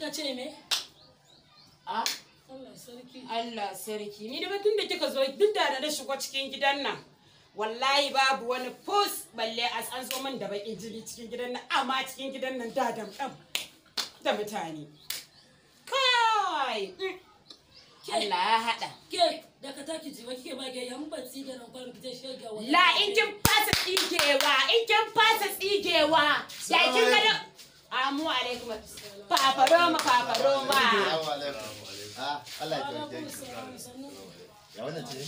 kika ce me a Allah sarki Allah sarki ni da tun da kika zo duk da na shigo cikin gidan nan wallahi babu wani fus balle as an zo min da bakin jini cikin gidan nan amma cikin gidan nan da dam dam da mutane kai mm. Allah ya hada ke da ka taki jiwa kike ba ga yan batsi da nan kwarin kije shege wa la in kin fasa tsigewa in kin fasa tsigewa da kin ga Amu alaikum Allah ya Ya wannan ce?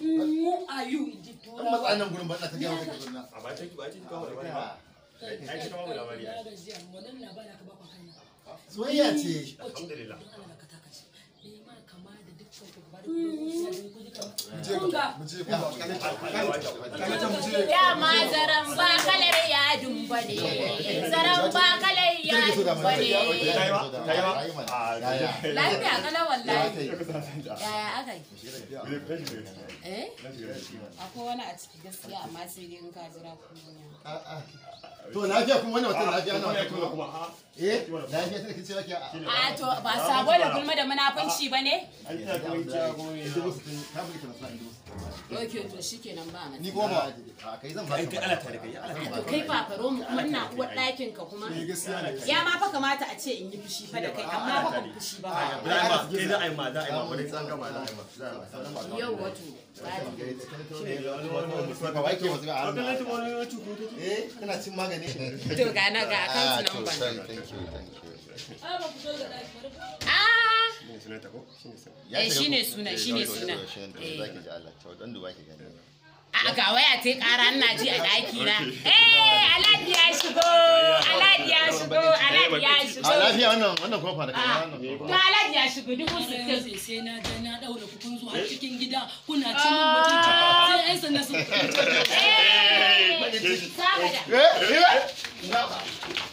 Mu ayu ji tura. Amma tsanan gurin ba ta ga wata A ba ta ki ba ta ki kawo ba. Ai ki kawo labari. Soyayya ce. Alhamdulillah. Ni ma kama da dukkan ku ba da hmm. dama zaren ba kalar yadin ba ne zaren ba kalar yadin ba ne lafiya kala wallahi yaya aka yi eh? akwai wani a ciki gaskiya amma sai dai in ka jira to lafiya kuma wannan wata lafiya na wata ah, kuma ah. eh lafiya sai kace lafiya a ah, to ba sabo da gulma da munafunci bane okay to shikenan ba ni ko ba a kai zan ba kai ala tare kai ala kai ba faro mu kuma ina uwar ɗakin ka kuma eh, ya ma fa kamata a ce in yi fushi fa da kai amma fa ban fushi ba ba kai da ai ma da ai ma ba da san da ai ma yau wato cin ga a waya ta ƙara ina ji a ɗaki na eh alhaji shigo a lafiya wannan wannan kuma da kai wannan to alhaji ya shigo dubu sittin sai na je na daura ku kun cikin gida kuna ci min sai ai sanna sun eh